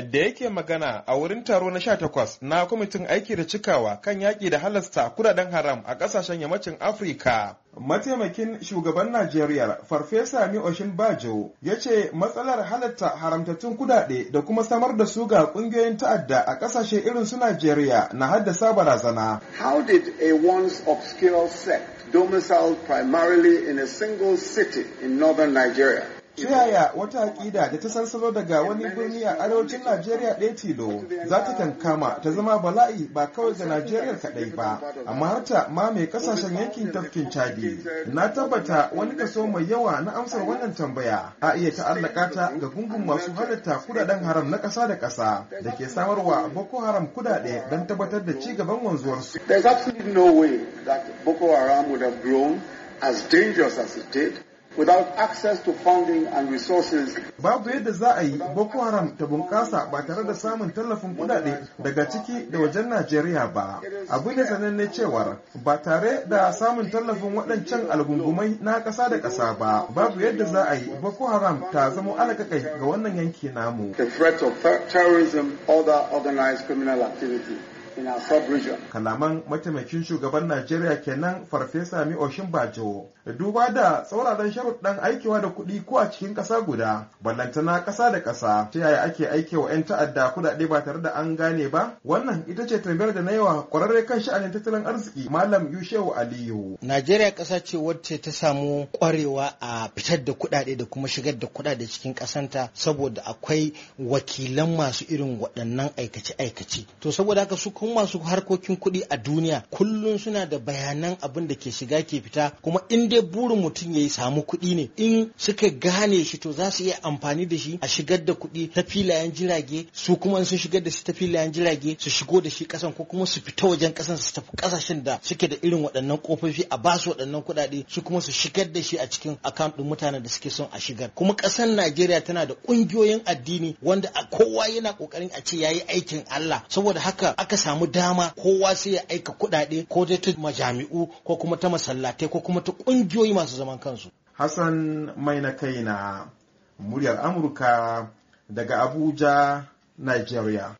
da yake magana a wurin taro na 18 na kwamitin aiki da cikawa kan yaƙi da halasta kudaden haram a ƙasashen yammacin afirka mataimakin shugaban najeriya farfesa ni oshin bajo ya ce matsalar halatta haramtattun kudade da kuma samar da su ga ƙungiyoyin ta'adda a ƙasashe irin su najeriya na haddasa barazana how did a once obscure sect domiciled primarily in a single city in northern nigeria ta yaya wata aƙida da ta sansano daga wani birni a arewacin najeriya ɗaya tilo za ta kankama ta zama bala'i ba kawai ga najeriya kaɗai ba amma har ta ma mai ƙasashen yankin tafkin chadi na tabbata wani kaso mai yawa na amsar wannan tambaya a iya ta'allaka ta ga gungun masu halatta kudaden haram na ƙasa da ƙasa da ke samarwa boko haram kudade don tabbatar da ci gaban wanzuwarsu. There's absolutely no way that Boko Haram would have grown as dangerous as it did without access to funding and resources. Babu yadda za a yi Boko Haram ta bunƙasa ba tare da samun tallafin kudade daga ciki da wajen Najeriya ba. Abu ne sananne cewar ba tare da samun tallafin waɗancan algungumai na ƙasa da ƙasa ba. Babu yadda za a yi Boko Haram ta zama alakakai ga wannan yanki namu. The threat of terrorism, other organized criminal activity. Kalaman mataimakin shugaban Najeriya kenan Farfesa Mi Oshin Bajo. Duba da tsauraran sharuɗan aikewa da kuɗi ko a cikin ƙasa guda, ballantana ƙasa da ƙasa, ta yaya ake aikewa 'yan ta'adda kuɗaɗe ba tare da an gane ba? Wannan ita ce tambayar da na yawa kwararre kan sha'anin tattalin arziki Malam Yushewu Aliyu. Najeriya ƙasa ce wacce ta samu kwarewa a fitar da kuɗaɗe da kuma shigar da kuɗaɗe cikin ƙasanta saboda akwai wakilan masu irin waɗannan aikace-aikace. To saboda haka su tsofaffin masu harkokin kuɗi a duniya kullum suna da bayanan abin da ke shiga ke fita kuma in dai burin mutum ya yi samu kuɗi ne in suka gane shi to za su iya amfani da shi a shigar da kuɗi ta filayen jirage su kuma sun shigar da shi ta filayen jirage su shigo da shi ƙasan ko kuma su fita wajen ƙasan su tafi ƙasashen da suke da irin waɗannan ƙofofi a basu waɗannan kuɗaɗe su kuma su shigar da shi a cikin akaunt ɗin mutanen da suke son a shigar kuma ƙasar Najeriya tana da ƙungiyoyin addini wanda kowa yana ƙoƙarin a ce yayi aikin Allah saboda haka aka samu samu dama kowa sai ya aika kuɗaɗe ko dai ta majami'u ko kuma ta masallatai ko kuma ta ƙungiyoyi masu zaman kansu. Hassan mai na kai na muryar Amurka daga Abuja, Nigeria.